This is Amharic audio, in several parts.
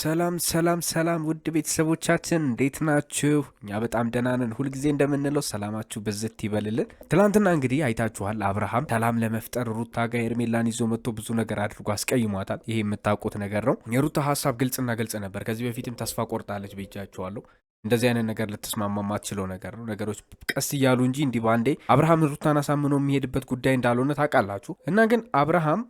ሰላም ሰላም ሰላም ውድ ቤተሰቦቻችን እንዴት ናችሁ? እኛ በጣም ደህና ነን። ሁልጊዜ እንደምንለው ሰላማችሁ ብዝት ይበልልን። ትናንትና እንግዲህ አይታችኋል፣ አብርሃም ሰላም ለመፍጠር ሩታ ጋር ሄርሜላን ይዞ መጥቶ ብዙ ነገር አድርጎ አስቀይሟታል። ይሄ የምታውቁት ነገር ነው። የሩታ ሀሳብ ግልጽና ግልጽ ነበር። ከዚህ በፊትም ተስፋ ቆርጣለች ብያችኋለሁ። እንደዚህ አይነት ነገር ልትስማማ ማትችለው ነገር ነው። ነገሮች ቀስ እያሉ እንጂ እንዲህ በአንዴ አብርሃም ሩታን አሳምኖ የሚሄድበት ጉዳይ እንዳልሆነ ታውቃላችሁ። እና ግን አብርሃም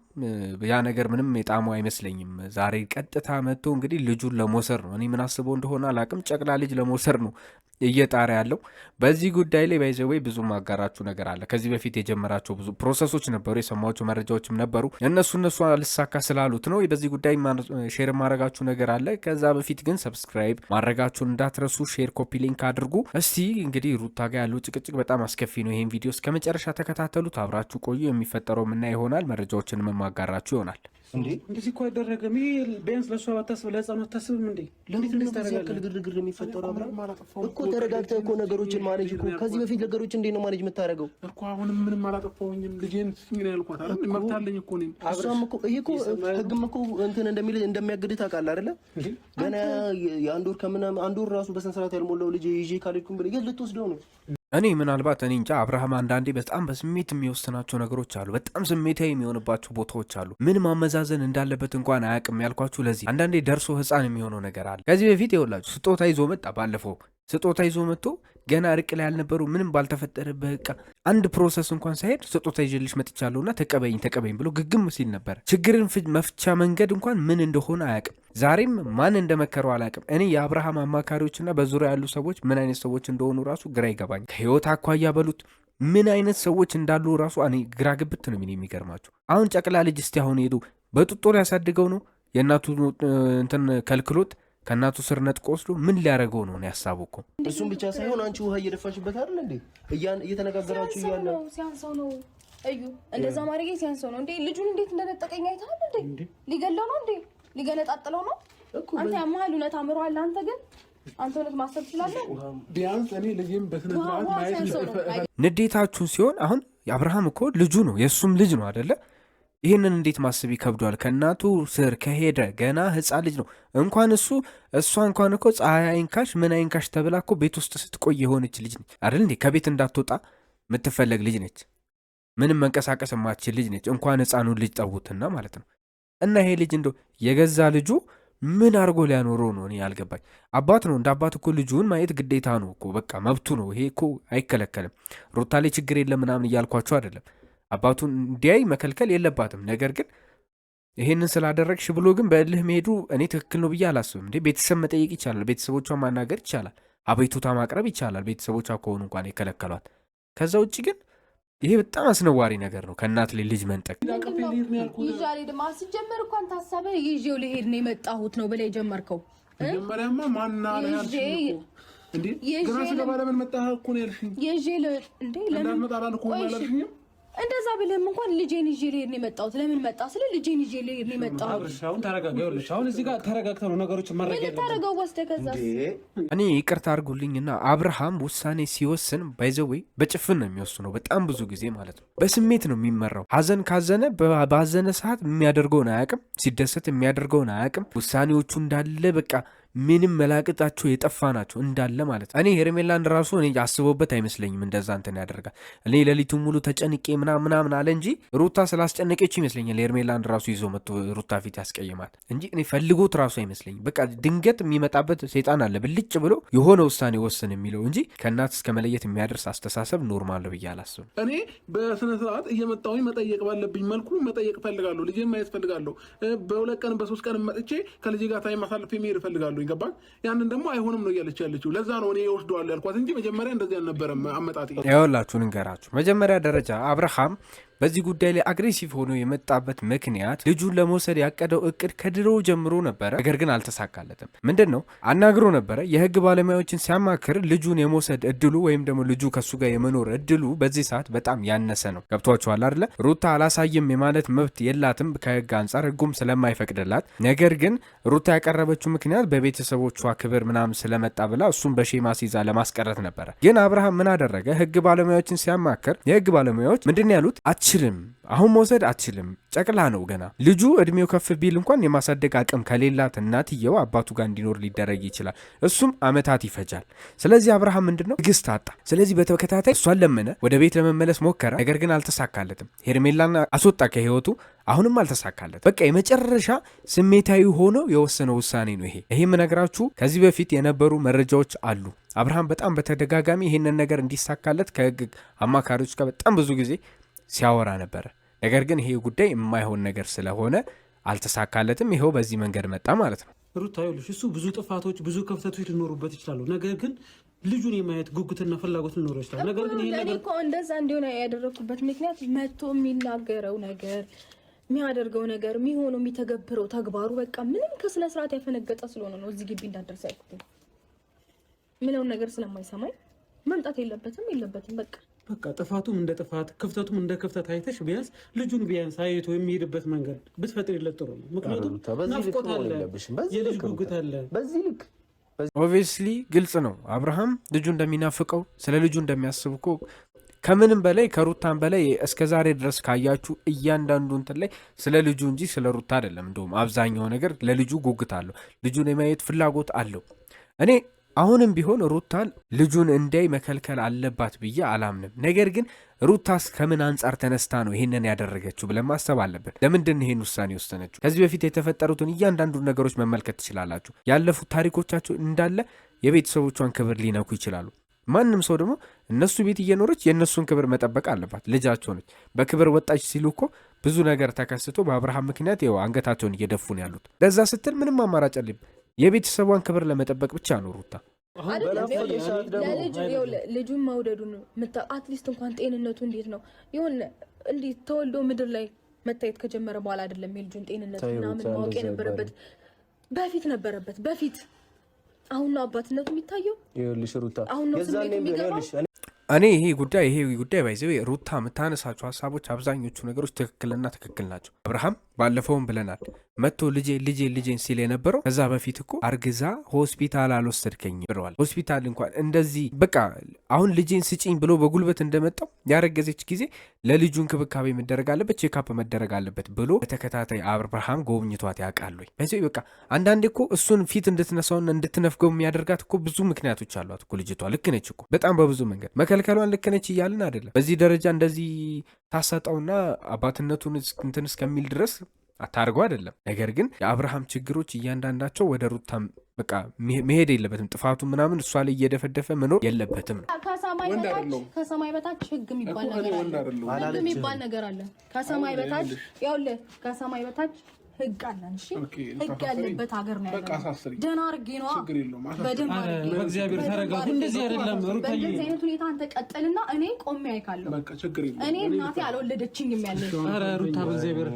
ያ ነገር ምንም የጣመው አይመስለኝም። ዛሬ ቀጥታ መጥቶ እንግዲህ ልጁን ለመውሰድ ነው። እኔ ምን አስበው እንደሆነ አላቅም። ጨቅላ ልጅ ለመውሰድ ነው እየጣረ ያለው በዚህ ጉዳይ ላይ ባይዘወይ ብዙ ማጋራችሁ ነገር አለ። ከዚህ በፊት የጀመራቸው ብዙ ፕሮሰሶች ነበሩ፣ የሰማቸው መረጃዎችም ነበሩ። እነሱ እነሱ አልሳካ ስላሉት ነው በዚህ ጉዳይ ሼር ማድረጋችሁ ነገር አለ። ከዛ በፊት ግን ሰብስክራይብ ማድረጋችሁን እንዳትረሱ፣ ሼር፣ ኮፒ ሊንክ አድርጉ። እስቲ እንግዲህ ሩታ ጋር ያለው ጭቅጭቅ በጣም አስከፊ ነው። ይህን ቪዲዮ እስከ መጨረሻ ተከታተሉት፣ አብራችሁ ቆዩ። የሚፈጠረው ምና ይሆናል መረጃዎችንም ማጋራችሁ ይሆናል። እንዴ እንደዚህ እኮ አይደረግም። ይሄ ቢያንስ ለእሷ ባታስብ ለህፃኑ አታስብም እንዴ? ለምን ያክል ግርግር የሚፈጠረው አብራ እኮ ተረጋግተ እኮ ነገሮችን ማኔጅ እኮ ከዚህ በፊት ነገሮች እንዴት ነው ማኔጅ የምታደርገው? እኮ አሁንም ምንም አላጠፋሁኝም ልጄን ምን ያልኳት አይደል? መብት እኮ እሷም እኮ ይሄ እኮ ህግም እኮ እንትን እንደሚል እንደሚያግድ ታውቃለህ አይደለ? ገና የአንድ ወር ከምናምን አንድ ወር ራሱ በስንት ሰዓት ያልሞላው ልጅ ይዤ ካልሄድኩም ብለህ የት ልትወስደው ነው? እኔ ምናልባት እኔ እንጃ አብርሃም አንዳንዴ በጣም በስሜት የሚወስናቸው ነገሮች አሉ። በጣም ስሜታዊ የሚሆንባቸው ቦታዎች አሉ። ምን ማመዛዘን እንዳለበት እንኳን አያውቅም። ያልኳችሁ ለዚህ አንዳንዴ ደርሶ ህፃን የሚሆነው ነገር አለ። ከዚህ በፊት ይኸውላችሁ ስጦታ ይዞ መጣ። ባለፈው ስጦታ ይዞ መጥቶ ገና እርቅ ላይ ያልነበሩ ምንም ባልተፈጠረ በቃ አንድ ፕሮሰስ እንኳን ሳይሄድ ስጦታ ይዤልሽ መጥቻለሁና ተቀበኝ ተቀበኝ ብሎ ግግም ሲል ነበረ። ችግርን መፍቻ መንገድ እንኳን ምን እንደሆነ አያውቅም። ዛሬም ማን እንደመከረው አላውቅም። እኔ የአብርሃም አማካሪዎችና በዙሪያ ያሉ ሰዎች ምን አይነት ሰዎች እንደሆኑ ራሱ ግራ ይገባኝ። ከህይወት አኳያ በሉት ምን አይነት ሰዎች እንዳሉ ራሱ እኔ ግራ ግብት ነው የሚገርማችሁ። አሁን ጨቅላ ልጅ እስቲ አሁን ሄዱ በጡጦ ያሳድገው ነው የእናቱ እንትን ከልክሎት ከእናቱ ስር ነጥቆ ወስዶ ምን ሊያደርገው ነው? ያሳቡ እኮ እሱም ብቻ ሳይሆን አንቺ ውሃ እየደፋሽበት አይደል እንዴ? እየተነጋገራችሁ እያለ ሲያንሰው ነው እዩ። እንደዛ ማድረግ ሲያንሰው ነው እንዴ? ልጁን እንዴት እንደነጠቀኝ አይተሃል እንዴ? ሊገለው ነው እንዴ? ሊገነጣጥለው ነው? አንተ ያመሃል እውነት አምሮሃል። አንተ ግን አንተ እውነት ማሰብ ትችላለህ። ቢያንስ እኔ ልጅም በስነ ስርዓት ማየት ንዴታችሁ ሲሆን አሁን አብርሃም እኮ ልጁ ነው የእሱም ልጅ ነው አይደለ? ይህንን እንዴት ማሰብ ይከብዷል። ከእናቱ ስር ከሄደ ገና ህፃን ልጅ ነው። እንኳን እሱ እሷ እንኳን እኮ ፀሐይ አይንካሽ ምን አይንካሽ ተብላ እኮ ቤት ውስጥ ስትቆይ የሆነች ልጅ ነች አይደል እንዴ? ከቤት እንዳትወጣ የምትፈለግ ልጅ ነች። ምንም መንቀሳቀስ የማትችል ልጅ ነች። እንኳን ህፃኑን ልጅ ጠቡትና ማለት ነው። እና ይሄ ልጅ እንደ የገዛ ልጁ ምን አድርጎ ሊያኖረው ነው? እኔ ያልገባኝ። አባት ነው እንደ አባት እኮ ልጁን ማየት ግዴታ ነው እኮ በቃ መብቱ ነው። ይሄ እኮ አይከለከልም። ሩታ ላይ ችግር የለም ምናምን እያልኳቸው አይደለም አባቱን እንዲያይ መከልከል የለባትም። ነገር ግን ይሄንን ስላደረግሽ ብሎ ግን በእልህ መሄዱ እኔ ትክክል ነው ብዬ አላስብም። እንዴ ቤተሰብ መጠየቅ ይቻላል፣ ቤተሰቦቿ ማናገር ይቻላል፣ አቤቱታ ማቅረብ ይቻላል፣ ቤተሰቦቿ ከሆኑ እንኳን የከለከሏት። ከዛ ውጭ ግን ይሄ በጣም አስነዋሪ ነገር ነው። ከእናት ላይ ልጅ መንጠቅ ሲጀመር እኳን ታሳበ ይዤው ልሄድ ነው የመጣሁት ነው ብለህ የጀመርከው መጀመሪያማ ማና ይዤ ለምን መጣህ እኮ ነው ያልሽኝ። እንደዛ ብለህም እንኳን ልጄን ይዤ ልሄድ ነው የመጣሁት። ለምን መጣ ስለ ልጄን ይዤ ልሄድ ነው የመጣሁት። አሁን ተረጋጋ። ይኸውልሽ አሁን እዚህ ጋር ተረጋግተህ ነው ነገሮችን መረጃ ልታረገው ወስደህ ከዛ እኔ ይቅርታ አድርጉልኝና አብርሃም ውሳኔ ሲወስን ባይዘዌ በጭፍን ነው የሚወስነው። በጣም ብዙ ጊዜ ማለት ነው በስሜት ነው የሚመራው። ሀዘን ካዘነ ባዘነ ሰዓት የሚያደርገውን አያውቅም፣ ሲደሰት የሚያደርገውን አያውቅም። ውሳኔዎቹ እንዳለ በቃ ምንም መላቅጣቸው የጠፋ ናቸው እንዳለ ማለት እኔ ሄርሜላን ራሱ እኔ አስበውበት አይመስለኝም እንደዛ እንትን ያደርጋል። እኔ ሌሊቱን ሙሉ ተጨንቄ ምናምን ምናምን አለ እንጂ ሩታ ስላስጨነቀች ይመስለኛል ሄርሜላን ራሱ ይዞ መጥቶ ሩታ ፊት ያስቀይማል እንጂ እኔ ፈልጎት ራሱ አይመስለኝም። በቃ ድንገት የሚመጣበት ሴጣን አለ ብልጭ ብሎ የሆነ ውሳኔ ወስን የሚለው እንጂ ከእናት እስከ መለየት የሚያደርስ አስተሳሰብ ኖርማል ብዬ አላስብም። እኔ በስነ ስርዓት እየመጣሁኝ መጠየቅ ባለብኝ መልኩ መጠየቅ እፈልጋለሁ። ልጄ ማየት እፈልጋለሁ። በሁለት ቀን በሶስት ቀን መጥቼ ከልጄ ጋር ታይም አሳልፌ መሄድ እፈልጋለሁ። ነው ይገባል። ያንን ደግሞ አይሆንም ነው እያለች ያለችው። ለዛ ነው እኔ ወስደዋል ያልኳት እንጂ መጀመሪያ እንደዚህ አልነበረም። አመጣጥ ያውላችሁ ንገራችሁ መጀመሪያ ደረጃ አብርሃም በዚህ ጉዳይ ላይ አግሬሲቭ ሆኖ የመጣበት ምክንያት ልጁን ለመውሰድ ያቀደው እቅድ ከድሮ ጀምሮ ነበረ፣ ነገር ግን አልተሳካለትም። ምንድን ነው አናግሮ ነበረ። የህግ ባለሙያዎችን ሲያማክር ልጁን የመውሰድ እድሉ ወይም ደግሞ ልጁ ከሱ ጋር የመኖር እድሉ በዚህ ሰዓት በጣም ያነሰ ነው። ገብቷችኋል አይደለ? ሩታ አላሳይም የማለት መብት የላትም ከህግ አንጻር ህጉም ስለማይፈቅድላት። ነገር ግን ሩታ ያቀረበችው ምክንያት በቤተሰቦቿ ክብር ምናምን ስለመጣ ብላ እሱም በሼማ ሲይዛ ለማስቀረት ነበረ። ግን አብርሃም ምን አደረገ? ህግ ባለሙያዎችን ሲያማክር የህግ ባለሙያዎች ምንድን ያሉት አትችልም፣ አሁን መውሰድ አትችልም፣ ጨቅላ ነው ገና። ልጁ እድሜው ከፍ ቢል እንኳን የማሳደግ አቅም ከሌላት እናትየው አባቱ ጋር እንዲኖር ሊደረግ ይችላል። እሱም አመታት ይፈጃል። ስለዚህ አብርሃም ምንድን ነው ትግስት አጣ። ስለዚህ በተከታታይ እሷን ለመነ፣ ወደ ቤት ለመመለስ ሞከረ፣ ነገር ግን አልተሳካለትም። ሄርሜላን አስወጣ ከህይወቱ አሁንም አልተሳካለት። በቃ የመጨረሻ ስሜታዊ ሆኖ የወሰነው ውሳኔ ነው ይሄ። ይህም ነገራችሁ ከዚህ በፊት የነበሩ መረጃዎች አሉ። አብርሃም በጣም በተደጋጋሚ ይህንን ነገር እንዲሳካለት ከህግ አማካሪዎች ጋር በጣም ብዙ ጊዜ ሲያወራ ነበረ። ነገር ግን ይሄ ጉዳይ የማይሆን ነገር ስለሆነ አልተሳካለትም። ይኸው በዚህ መንገድ መጣ ማለት ነው። ሩታ ይኸውልሽ፣ እሱ ብዙ ጥፋቶች፣ ብዙ ክፍተቶች ሊኖሩበት ይችላሉ። ነገር ግን ልጁን የማየት ጉጉትና ፍላጎት ሊኖረው ይችላል። ነገር ግን እንደዛ እንዲሆነ ያደረግኩበት ምክንያት መጥቶ የሚናገረው ነገር የሚያደርገው ነገር የሚሆነው የሚተገብረው ተግባሩ በቃ ምንም ከስነ ስርዓት ያፈነገጠ ስለሆነ ነው እዚህ ግቢ እንዳደርስ ያልኩት። ምለውን ነገር ስለማይሰማኝ መምጣት የለበትም የለበትም በቃ በቃ ጥፋቱም እንደ ጥፋት ክፍተቱም እንደ ክፍተት አይተሽ ቢያንስ ልጁን ቢያንስ አይቶ የሚሄድበት መንገድ ብትፈጥሪለት ጥሩ ነው። ምክንያቱም ናፍቆት አለ፣ የልጅ ጉጉት አለ። በዚህ ልክ ግልጽ ነው አብርሃም ልጁ እንደሚናፍቀው ስለ ልጁ እንደሚያስብ እኮ ከምንም በላይ ከሩታን በላይ እስከ ዛሬ ድረስ ካያችሁ እያንዳንዱ እንትን ላይ ስለ ልጁ እንጂ ስለ ሩታ አይደለም። እንደውም አብዛኛው ነገር ለልጁ ጉጉት አለው፣ ልጁን የማየት ፍላጎት አለው። እኔ አሁንም ቢሆን ሩታን ልጁን እንዳይ መከልከል አለባት ብዬ አላምንም። ነገር ግን ሩታስ ከምን አንጻር ተነስታ ነው ይህንን ያደረገችው ብለን ማሰብ አለብን። ለምንድን ይህን ውሳኔ የወሰነችው? ከዚህ በፊት የተፈጠሩትን እያንዳንዱ ነገሮች መመልከት ትችላላችሁ። ያለፉት ታሪኮቻቸው እንዳለ የቤተሰቦቿን ክብር ሊነኩ ይችላሉ። ማንም ሰው ደግሞ እነሱ ቤት እየኖረች የእነሱን ክብር መጠበቅ አለባት። ልጃቸው ነች። በክብር ወጣች ሲሉ እኮ ብዙ ነገር ተከስቶ በአብርሃም ምክንያት ይኸው አንገታቸውን እየደፉ ነው ያሉት። ለዛ ስትል ምንም አማራጭ የቤተሰቧን ክብር ለመጠበቅ ብቻ ነው ሩታ ልጁን መውደዱን አትሊስት እንኳን ጤንነቱ እንዴት ነው ይሁን እንዴት ተወልዶ ምድር ላይ መታየት ከጀመረ በኋላ አይደለም የልጁን ጤንነት ምናምን ማወቅ የነበረበት በፊት ነበረበት በፊት አሁን ነው አባትነቱ የሚታየው አሁን ነው ስሜቱ የሚገባው እኔ ይሄ ጉዳይ ይሄ ጉዳይ ባይዘ ሩታ የምታነሳቸው ሀሳቦች አብዛኞቹ ነገሮች ትክክልና ትክክል ናቸው አብርሃም ባለፈውም ብለናል። መጥቶ ልጄ ልጄ ልጄን ሲል የነበረው ከዛ በፊት እኮ አርግዛ ሆስፒታል አልወሰድከኝ ብለዋል። ሆስፒታል እንኳን እንደዚህ በቃ አሁን ልጄን ስጪኝ ብሎ በጉልበት እንደመጣው ያረገዘች ጊዜ ለልጁ እንክብካቤ መደረግ አለበት፣ ቼካፕ መደረግ አለበት ብሎ በተከታታይ አብርሃም ጎብኝቷት ያውቃሉ። በዚህ በቃ አንዳንዴ እኮ እሱን ፊት እንድትነሳውና እንድትነፍገው የሚያደርጋት እኮ ብዙ ምክንያቶች አሏት እኮ ልጅቷ። ልክ ነች እኮ በጣም በብዙ መንገድ መከልከሏን ልክ ነች እያልን አይደለም። በዚህ ደረጃ እንደዚህ ታሳጣውና አባትነቱን እንትን እስከሚል ድረስ አታርገው አይደለም። ነገር ግን የአብርሃም ችግሮች እያንዳንዳቸው ወደ ሩታ በቃ መሄድ የለበትም። ጥፋቱ ምናምን እሷ ላይ እየደፈደፈ መኖር የለበትም ነው። ከሰማይ በታች ህግ የሚባል ነገር አለ። ከሰማይ በታች ከሰማይ በታች ህግ አለን። እሺ ህግ ያለበት ሀገር ነው ያለው። ደህና አድርጌ ነዋ፣ በደንብ አድርጌ እንደዚህ አይደለም ሩታ። በእንደዚህ አይነት ሁኔታ አንተ ቀጥልና እኔ ቆሜ አይካለሁ። እኔ እናቴ አልወለደችኝም ያለች ሩታ። በእግዚአብሔር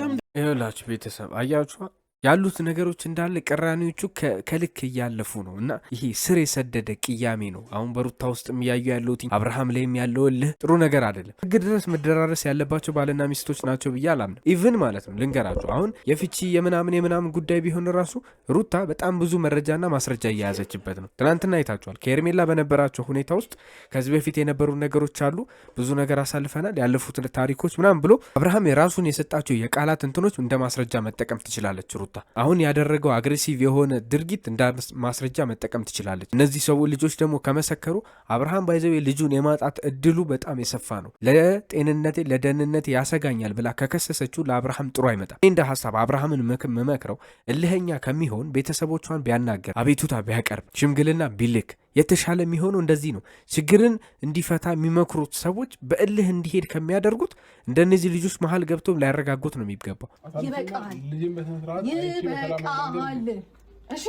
ይኸውላችሁ ቤተሰብ አያችኋል ያሉት ነገሮች እንዳለ ቅራኔዎቹ ከልክ እያለፉ ነው እና ይሄ ስር የሰደደ ቅያሜ ነው። አሁን በሩታ ውስጥ የሚያዩ ያለሁት አብርሃም ላይም ያለው እልህ ጥሩ ነገር አይደለም። ህግ ድረስ መደራረስ ያለባቸው ባልና ሚስቶች ናቸው ብዬ አላምንም። ኢቭን ማለት ነው ልንገራቸው፣ አሁን የፍቺ የምናምን የምናምን ጉዳይ ቢሆን ራሱ ሩታ በጣም ብዙ መረጃና ማስረጃ እየያዘችበት ነው። ትናንትና አይታችኋል። ከኤርሜላ በነበራቸው ሁኔታ ውስጥ ከዚህ በፊት የነበሩ ነገሮች አሉ፣ ብዙ ነገር አሳልፈናል፣ ያለፉት ታሪኮች ምናምን ብሎ አብርሃም የራሱን የሰጣቸው የቃላት እንትኖች እንደ ማስረጃ መጠቀም ትችላለች ሩታ ወጣ። አሁን ያደረገው አግሬሲቭ የሆነ ድርጊት እንደ ማስረጃ መጠቀም ትችላለች። እነዚህ ሰው ልጆች ደግሞ ከመሰከሩ አብርሃም ባይዘዌ ልጁን የማጣት እድሉ በጣም የሰፋ ነው። ለጤንነቴ ለደህንነት ያሰጋኛል ብላ ከከሰሰችው ለአብርሃም ጥሩ አይመጣም። እንደ ሀሳብ አብርሃምን መመክረው እልህኛ ከሚሆን ቤተሰቦቿን ቢያናገር፣ አቤቱታ ቢያቀርብ፣ ሽምግልና ቢልክ የተሻለ የሚሆነው እንደዚህ ነው። ችግርን እንዲፈታ የሚመክሩት ሰዎች በእልህ እንዲሄድ ከሚያደርጉት እንደነዚህ ልጆች መሀል ገብቶም ላያረጋጉት ነው የሚገባው። ይበቃል፣ ይበቃል። እሺ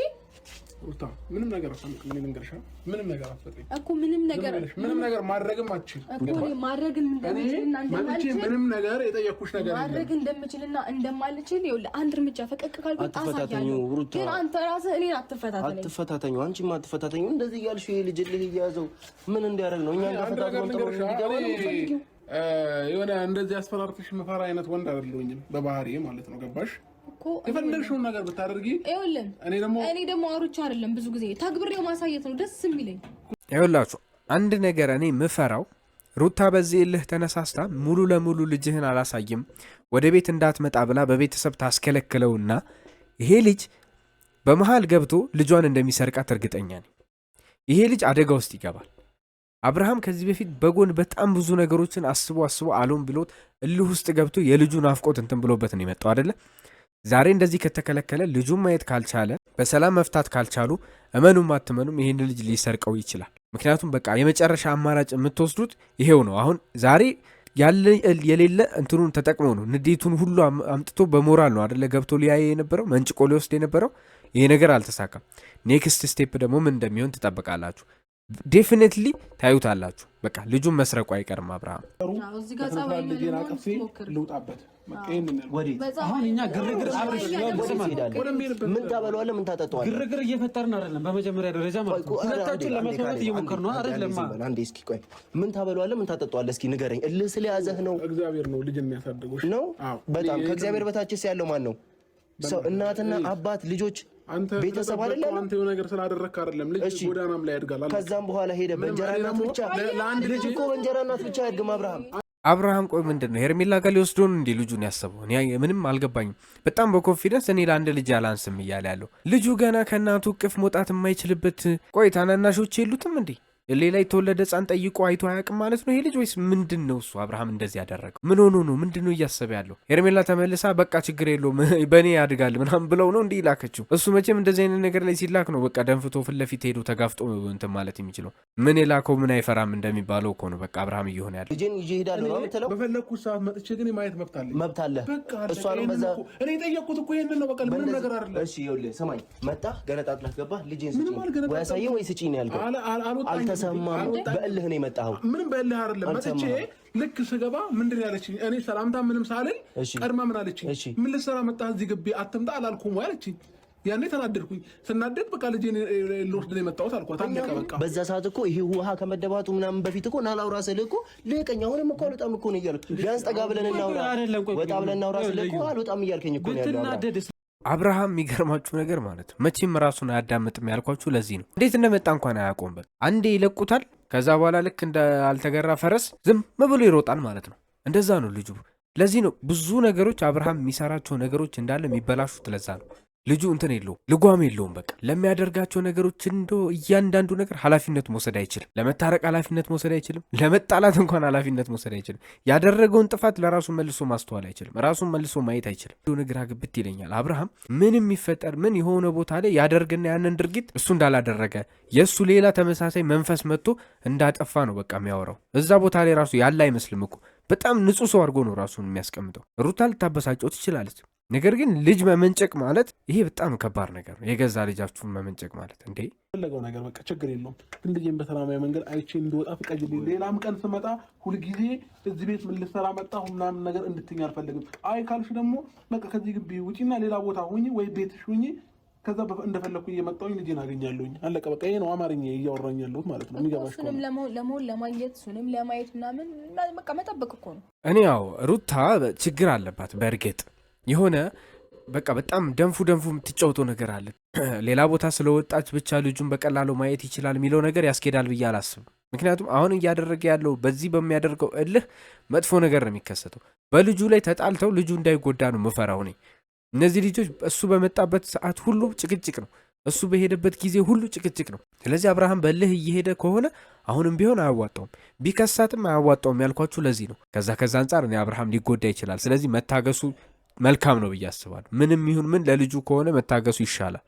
ሩታ ምንም ነገር አታመቅም። እኔ ልንገርሽ ምንም ነገር አትፈጥሪም እኮ ምንም ነገር ምንም ነገር ማድረግም አትችል እኮ እኔ ማድረግም እንደምችልና እንደማልችል ምንም ነገር የጠየኩሽ ነገር ማድረግ እንደምችልና እንደማልችል ይኸውልህ፣ አንድ እርምጃ ፈቀቅ ካልኩ አሳያለሁ። ግን አንተ ራስህ እኔን አትፈታተኝ፣ አትፈታተኝ፣ አንቺም አትፈታተኝ። እንደዚህ እያልሽ ይሄ ልጅ ልህ እየያዘው ምን እንዲያደርግ ነው? እኛን ተፈታተን ጥሩ እንዲገባ ነው። የሆነ እንደዚህ አስፈራርተሽ መፈራ አይነት ወንድ አይደለሁኝም በባህሪ ማለት ነው። ገባሽ? የፈለግሽውን ነገር ብታደርጊ ይኸውልን። እኔ ደግሞ አውርቼ አይደለም ብዙ ጊዜ ተግብሬው ማሳየት ነው ደስ የሚለኝ። ይኸውላችሁ አንድ ነገር እኔ ምፈራው ሩታ በዚህ እልህ ተነሳስታ ሙሉ ለሙሉ ልጅህን አላሳይም ወደ ቤት እንዳትመጣ ብላ በቤተሰብ ታስከለክለውና ይሄ ልጅ በመሃል ገብቶ ልጇን እንደሚሰርቃት እርግጠኛ ነኝ። ይሄ ልጅ አደጋ ውስጥ ይገባል። አብርሃም ከዚህ በፊት በጎን በጣም ብዙ ነገሮችን አስቦ አስቦ አሎም ብሎት እልህ ውስጥ ገብቶ የልጁ ናፍቆት እንትን ብሎበት ነው የመጣው አደለ ዛሬ እንደዚህ ከተከለከለ ልጁን ማየት ካልቻለ በሰላም መፍታት ካልቻሉ እመኑም አትመኑም ይህን ልጅ ሊሰርቀው ይችላል። ምክንያቱም በቃ የመጨረሻ አማራጭ የምትወስዱት ይሄው ነው። አሁን ዛሬ ያለ የሌለ እንትኑን ተጠቅሞ ነው ንዴቱን ሁሉ አምጥቶ በሞራል ነው አደለ ገብቶ ሊያየ የነበረው መንጭቆ ሊወስድ የነበረው ይሄ ነገር አልተሳካም። ኔክስት ስቴፕ ደግሞ ምን እንደሚሆን ትጠብቃላችሁ። ዴፊኔትሊ ታዩታላችሁ። በቃ ልጁን መስረቁ አይቀርም። አብርሃም ምን ታበለዋለህ? ምን ታጠጠዋለህ? ግርግር እየፈጠርን አይደለም። በመጀመሪያ ደረጃ ማለት ለመስማት እየሞከርን ነው አይደለም። አንዴ እስኪ ቆይ፣ ምን ምን እስኪ ንገረኝ። እልህ ስለያዘህ ነው? እግዚአብሔር ነው ልጅ ነው። በጣም ከእግዚአብሔር በታችስ ያለው ማን ነው? ሰው እናትና አባት ልጆች ቤተሰብ አይደለም። አንተ የሆነ ነገር አይደለም ልጅ ጎዳናም ላይ ያድጋል። ከዛም በኋላ ሄደ በእንጀራ እናት ብቻ ልጅ እኮ በእንጀራ እናት ብቻ አያድግም። አብርሃም አብርሃም ቆይ ምንድን ነው ሄርሜላ ጋር ሊወስዶን እንዴ? ልጁን ያሰበው ምንም አልገባኝም። በጣም በኮንፊደንስ እኔ ለአንድ ልጅ አላንስም እያለ ያለው ልጁ ገና ከእናቱ እቅፍ መውጣት የማይችልበት ቆይ ታናናሾች የሉትም እንዴ? ሌላ የተወለደ ህፃን ጠይቆ አይቶ አያውቅም ማለት ነው ይሄ ልጅ ወይስ ምንድን ነው እሱ አብርሃም እንደዚህ ያደረገው ምን ሆኖ ነው ምንድን ነው እያሰበ ያለው ሄርሜላ ተመልሳ በቃ ችግር የለውም በእኔ ያድጋል ምናምን ብለው ነው እንዲህ ይላከችው እሱ መቼም እንደዚህ አይነት ነገር ላይ ሲላክ ነው በቃ ደንፍቶ ፊት ለፊት ሄዶ ተጋፍጦ እንትን ማለት የሚችለው ምን የላከው ምን አይፈራም እንደሚባለው እኮ ነው በቃ አብርሃም እየሆነ ያለ ልጅን ይዤ እሄዳለሁ ነው የምትለው በፈለግኩት ሰዓት መጥቼ ግን የማየት መብት አለ መብት አለ እኔ የጠየቅኩት እኮ ይህንን ነው በቃ ምንም ነገር አለ እሺ ይኸውልህ ስማኝ መጣ ገነጣጥላት ገባ ልጅን ስጪኝ ወይ አሳየው ወይ ስጪኝ ነው ያልከው አልተሰማም። በእልህ ነው የመጣኸው። ምንም በእልህ አይደለም መጥቼ ልክ ስገባ ምንድን ያለችኝ? እኔ ሰላምታ ምንም ሳልል ቀድማ ምን አለችኝ? ምን ልትሰራ መጣ እዚህ ግቢ? አትምጣ አላልኩም አለችኝ። ያኔ ተናደድኩኝ። ስናደድ በቃ ልጄ ልወስድ ነው የመጣሁት አልኳት። አለቀ በቃ። በዛ ሰዓት እኮ ይሄ ውሃ ከመደባቱ ምናምን በፊት እኮ ናላው ራስ ልህ እኮ ልቀኝ፣ አሁንም እኮ አልወጣም እኮ ነው እያልኩ፣ ቢያንስ ጠጋ ብለን እናውራ፣ ወጣ ብለን እናውራ ስልህ እኮ አልወጣም እያልከኝ እኮ ነው ያለው። አብርሃም የሚገርማችሁ ነገር ማለት ነው መቼም ራሱን አያዳምጥም ያልኳችሁ ለዚህ ነው። እንዴት እንደመጣ እንኳን አያቆም። በቃ አንዴ ይለቁታል። ከዛ በኋላ ልክ እንዳልተገራ ፈረስ ዝም ብሎ ይሮጣል ማለት ነው። እንደዛ ነው ልጁ። ለዚህ ነው ብዙ ነገሮች አብርሃም የሚሰራቸው ነገሮች እንዳለ የሚበላሹት ለዛ ነው። ልጁ እንትን የለውም ልጓም የለውም። በቃ ለሚያደርጋቸው ነገሮች እንደ እያንዳንዱ ነገር ኃላፊነት መውሰድ አይችልም። ለመታረቅ ኃላፊነት መውሰድ አይችልም። ለመጣላት እንኳን ኃላፊነት መውሰድ አይችልም። ያደረገውን ጥፋት ለራሱ መልሶ ማስተዋል አይችልም። ራሱን መልሶ ማየት አይችልም። ግራ ግብት ይለኛል። አብርሃም ምን የሚፈጠር ምን የሆነ ቦታ ላይ ያደርግና ያንን ድርጊት እሱ እንዳላደረገ የእሱ ሌላ ተመሳሳይ መንፈስ መጥቶ እንዳጠፋ ነው በቃ የሚያወራው። እዛ ቦታ ላይ ራሱ ያለ አይመስልም እኮ በጣም ንጹህ ሰው አድርጎ ነው ራሱን የሚያስቀምጠው። ሩታ ልታበሳጨው ትችላለች። ነገር ግን ልጅ መመንጨቅ ማለት ይሄ በጣም ከባድ ነገር ነው። የገዛ ልጃችሁን መመንጨቅ ማለት እንዴ ፈለገው ነገር በቃ ችግር የለውም ግን ልጅም በሰላማዊ መንገድ አይቼ እንዲወጣ ፍቀጅልኝ። ሌላም ቀን ስመጣ ሁልጊዜ እዚህ ቤት ምን ልሰራ መጣሁ ምናምን ነገር እንድትኝ አልፈልግም። አይ ካልሽ ደግሞ በቃ ከዚህ ግቢ ውጪና ሌላ ቦታ ሁኝ ወይ ቤትሽ ሁኝ ከዛ እንደፈለግኩ እየመጣሁኝ ልጄን አገኛለሁኝ። አለቀ በቃ ይሄ ነው አማርኛ እያወራኝ ያለሁት ማለት ነው። የሚገባሽ ለመሆን ለማየት እሱንም ለማየት ምናምን በቃ መጠበቅ እኮ ነው። እኔ ያው ሩታ ችግር አለባት በእርግጥ የሆነ በቃ በጣም ደንፉ ደንፉ የምትጫወተው ነገር አለ። ሌላ ቦታ ስለወጣች ብቻ ልጁን በቀላሉ ማየት ይችላል የሚለው ነገር ያስኬዳል ብዬ አላስብም። ምክንያቱም አሁን እያደረገ ያለው በዚህ በሚያደርገው እልህ መጥፎ ነገር ነው የሚከሰተው። በልጁ ላይ ተጣልተው ልጁ እንዳይጎዳ ነው ምፈራው እኔ። እነዚህ ልጆች እሱ በመጣበት ሰዓት ሁሉ ጭቅጭቅ ነው። እሱ በሄደበት ጊዜ ሁሉ ጭቅጭቅ ነው። ስለዚህ አብርሃም በልህ እየሄደ ከሆነ አሁንም ቢሆን አያዋጣውም፣ ቢከሳትም አያዋጣውም ያልኳችሁ ለዚህ ነው። ከዛ ከዛ አንጻር እኔ አብርሃም ሊጎዳ ይችላል። ስለዚህ መታገሱ መልካም ነው ብዬ አስባለሁ። ምንም ይሁን ምን ለልጁ ከሆነ መታገሱ ይሻላል።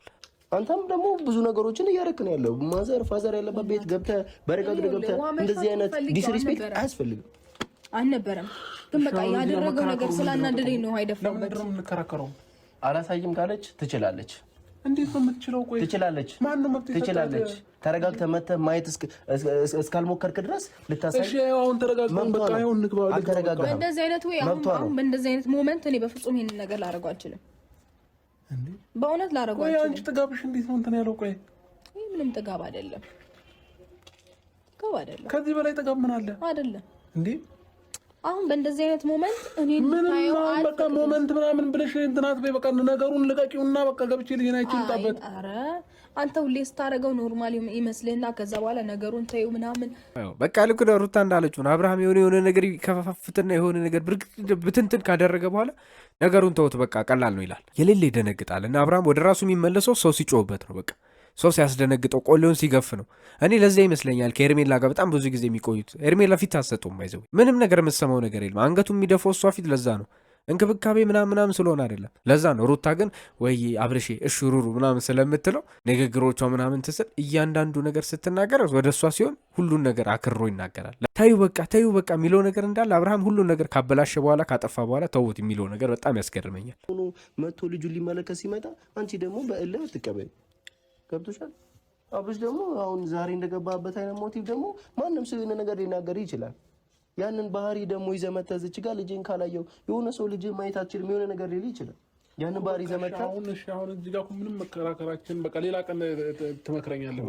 አንተም ደግሞ ብዙ ነገሮችን እያደረክ ነው ያለው። ማዘር ፋዘር ያለበት ቤት ገብተህ በረጋግደ ገብተህ እንደዚህ አይነት ዲስሪስፔክት አያስፈልግም አልነበረም። ግን በቃ ያደረገው ነገር ስላናደደኝ ነው አይደፍርም። ምንድን ነው የምንከራከረው? አላሳይም ካለች ትችላለች እንዴት ነው የምትችለው? ቆይ ትችላለች፣ ትችላለች። ተረጋግተህ መተህ ማየት እስካልሞከርክ ድረስ ልታሳይ። እንደዚህ አይነት ወይ አይነት ሞመንት እኔ በፍጹም ይሄንን ነገር ላደርገው አልችልም። በእውነት ላደርገው አልችልም። አንቺ ጥጋብሽ እንዴት ነው እንትን ያለው? ቆይ ይሄ ምንም ጥጋብ አይደለም፣ ጥጋብ አይደለም። ከዚህ በላይ ጥጋብ ምን አለ? አይደለም እንዴ አሁን በእንደዚህ አይነት ሞመንት እኔ በቃ ሞመንት ምናምን ብለሽ እንትናት ላይ በቃ ነገሩን ልቀቂውና በቃ ገብቼ ልጅ ናይቼ ልጣበት። ኧረ አንተ ሁሌ ስታደርገው ኖርማል ይመስልህና ከዛ በኋላ ነገሩን ተይው ምናምን በቃ ልክ ሩታ እንዳለችው ነው። አብርሃም የሆነ የሆነ ነገር ከፋፍትና የሆነ ነገር ብትንትን ካደረገ በኋላ ነገሩን ተውት በቃ ቀላል ነው ይላል። የሌለ ይደነግጣል። እና አብርሃም ወደ ራሱ የሚመለሰው ሰው ሲጮህበት ነው በቃ ሰው ሲያስደነግጠው ቆሌውን ሲገፍ ነው። እኔ ለዚያ ይመስለኛል ከኤርሜላ ጋር በጣም ብዙ ጊዜ የሚቆዩት። ኤርሜላ ፊት አሰጡም አይዘው ምንም ነገር የምትሰማው ነገር የለም። አንገቱ የሚደፈው እሷ ፊት ለዛ ነው እንክብካቤ ምናምን ምናምን ስለሆነ አይደለም፣ ለዛ ነው። ሩታ ግን ወይ አብርሼ እሽሩሩ ምናምን ስለምትለው ንግግሮቿ ምናምን ትስል እያንዳንዱ ነገር ስትናገር ወደ እሷ ሲሆን ሁሉን ነገር አክሮ ይናገራል። ታዩ በቃ ታዩ በቃ የሚለው ነገር እንዳለ አብርሃም ሁሉን ነገር ካበላሸ በኋላ ካጠፋ በኋላ ተውት የሚለው ነገር በጣም ያስገርመኛል። መቶ ልጁ ሊመለከት ሲመጣ አንቺ ደግሞ በእልህ ትቀበል ገብቶሻል። አብርሽ ደግሞ አሁን ዛሬ እንደገባበት አይነት ሞቲቭ ደግሞ ማንም ሰው የሆነ ነገር ሊናገር ይችላል። ያንን ባህሪ ደግሞ ይዘህ መተህ እዚህ ጋር ልጄን ካላየው የሆነ ሰው ልጅ ማየት አትችልም የሆነ ነገር ሊል ይችላል። ያንን ባህሪ ይዘህ መተህ አሁን እሺ፣ አሁን እዚህ ጋር ምንም መከራከራችን በቃ ሌላ ቀን ትመክረኛለህ።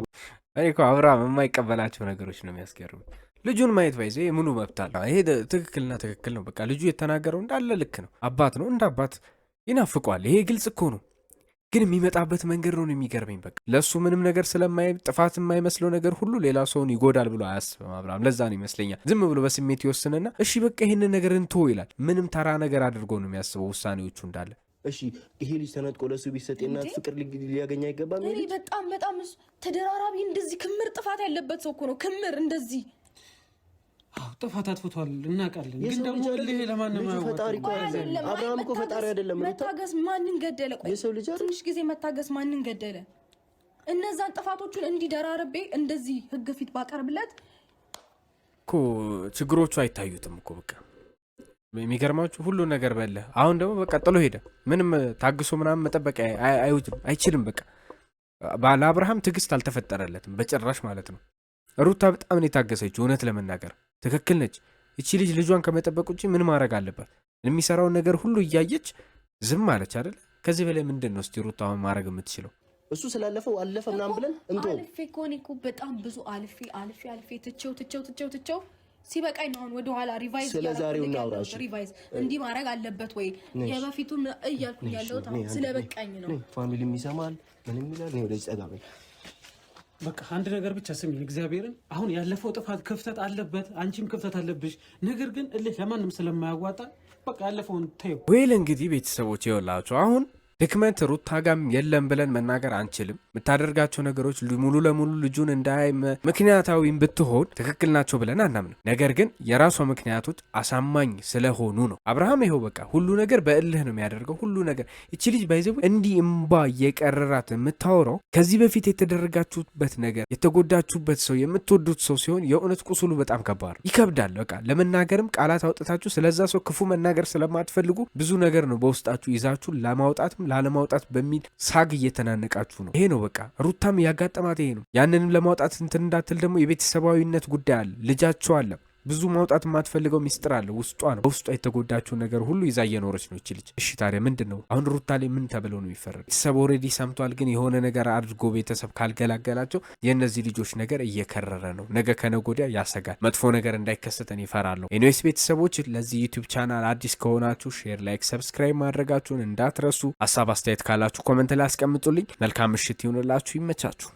እኔ እኮ አብርሃም የማይቀበላቸው ነገሮች ነው የሚያስገርም። ልጁን ማየት ባይዘ ምኑ መብት አለው? ይሄ ትክክልና ትክክል ነው። በቃ ልጁ የተናገረው እንዳለ ልክ ነው። አባት ነው፣ እንደ አባት ይናፍቋል። ይሄ ግልጽ እኮ ነው። ግን የሚመጣበት መንገድ ነው የሚገርመኝ። በቃ ለእሱ ምንም ነገር ስለማይ ጥፋት የማይመስለው ነገር ሁሉ ሌላ ሰውን ይጎዳል ብሎ አያስብም አብርሃም። ለዛ ነው ይመስለኛል ዝም ብሎ በስሜት ይወስንና እሺ በቃ ይህንን ነገር እንትሆ ይላል። ምንም ተራ ነገር አድርጎ ነው የሚያስበው ውሳኔዎቹ እንዳለ እሺ ይሄ ልጅ ተነጥቆ ለሱ ቢሰጥ ፍቅር ሊያገኝ አይገባም። በጣም በጣም ተደራራቢ እንደዚህ ክምር ጥፋት ያለበት ሰው እኮ ነው ክምር እንደዚህ ጥፋት አጥፍቷል እናውቃለን። ግን ደግሞ ልጅ ለማንም አብርሃም እኮ ፈጣሪ አይደለም። መታገስ ማንን ገደለ? ቆይ ትንሽ ጊዜ መታገስ ማንን ገደለ? እነዛን ጥፋቶቹን እንዲደራርቤ እንደዚህ ህግ ፊት ባቀርብለት እኮ ችግሮቹ አይታዩትም እኮ በቃ የሚገርማችሁ ሁሉ ነገር በለ። አሁን ደግሞ በቃ ጥሎ ሄደ። ምንም ታግሶ ምናምን መጠበቅ አይውትም አይችልም። በቃ ለአብርሃም ትዕግስት አልተፈጠረለትም በጭራሽ ማለት ነው። ሩታ በጣም ነው የታገሰችው እውነት ለመናገር ትክክል ነች። እቺ ልጅ ልጇን ከመጠበቅ ውጭ ምን ማድረግ አለባት? የሚሰራውን ነገር ሁሉ እያየች ዝም አለች አይደል? ከዚህ በላይ ምንድን ነው እስቲ ሩት አሁን ማድረግ የምትችለው? እሱ ስላለፈው አለፈ ምናምን ብለን እንቶ አልፌ ከሆነ እኮ በጣም ብዙ አልፌ አልፌ አልፌ ትቼው ትቼው ትቼው ትቼው ሲበቃኝ ነው አሁን ወደኋላ ሪቫይዝ ስለ ዛሬው እናውራ። ሪቫይዝ እንዲህ ማድረግ አለበት ወይ የበፊቱን እያልኩ ያለሁት ስለበቃኝ ነው። ፋሚሊም ይሰማል ምንም ይላል። ወደዚህ ጸጋ በይ በቃ አንድ ነገር ብቻ ስሚ፣ እግዚአብሔርን አሁን ያለፈው ጥፋት ክፍተት አለበት፣ አንቺም ክፍተት አለብሽ። ነገር ግን እልህ ለማንም ስለማያዋጣ በቃ ያለፈውን ተይው። ወይል እንግዲህ ቤተሰቦች ይኸውላችሁ አሁን ድክመት ሩታ ጋም የለም ብለን መናገር አንችልም። የምታደርጋቸው ነገሮች ሙሉ ለሙሉ ልጁን እንዳያይ ምክንያታዊም ብትሆን ትክክል ናቸው ብለን አናምንም። ነገር ግን የራሷ ምክንያቶች አሳማኝ ስለሆኑ ነው። አብርሃም ይኸው በቃ ሁሉ ነገር በእልህ ነው የሚያደርገው። ሁሉ ነገር እቺ ልጅ ባይዘ እንዲህ እምባ የቀረራት የምታወራው ከዚህ በፊት የተደረጋችሁበት ነገር የተጎዳችሁበት ሰው የምትወዱት ሰው ሲሆን የእውነት ቁስሉ በጣም ከባድ ይከብዳል። በቃ ለመናገርም ቃላት አውጥታችሁ ስለዛ ሰው ክፉ መናገር ስለማትፈልጉ ብዙ ነገር ነው በውስጣችሁ ይዛችሁ ለማውጣትም ላለማውጣት በሚል ሳግ እየተናነቃችሁ ነው። ይሄ ነው በቃ ሩታም ያጋጠማት ይሄ ነው። ያንንም ለማውጣት እንትን እንዳትል ደግሞ የቤተሰባዊነት ጉዳይ አለ። ልጃቸው አለ። ብዙ ማውጣት የማትፈልገው ሚስጥር አለ ውስጧ ነው። በውስጧ የተጎዳችው ነገር ሁሉ ይዛ እየኖረች ነው ይች ልጅ። እሺ ታዲያ ምንድን ነው አሁን ሩታ ላይ ምን ተብለው ነው የሚፈረድ? ቤተሰብ ኦልሬዲ ሰምቷል። ግን የሆነ ነገር አድርጎ ቤተሰብ ካልገላገላቸው የእነዚህ ልጆች ነገር እየከረረ ነው። ነገ ከነጎዲያ ያሰጋል። መጥፎ ነገር እንዳይከሰተን ይፈራለሁ። ኤኒዌይስ ቤተሰቦች ለዚህ ዩቲዩብ ቻናል አዲስ ከሆናችሁ ሼር፣ ላይክ፣ ሰብስክራይብ ማድረጋችሁን እንዳትረሱ። ሀሳብ አስተያየት ካላችሁ ኮመንት ላይ አስቀምጡልኝ። መልካም ምሽት ይሁንላችሁ። ይመቻችሁ።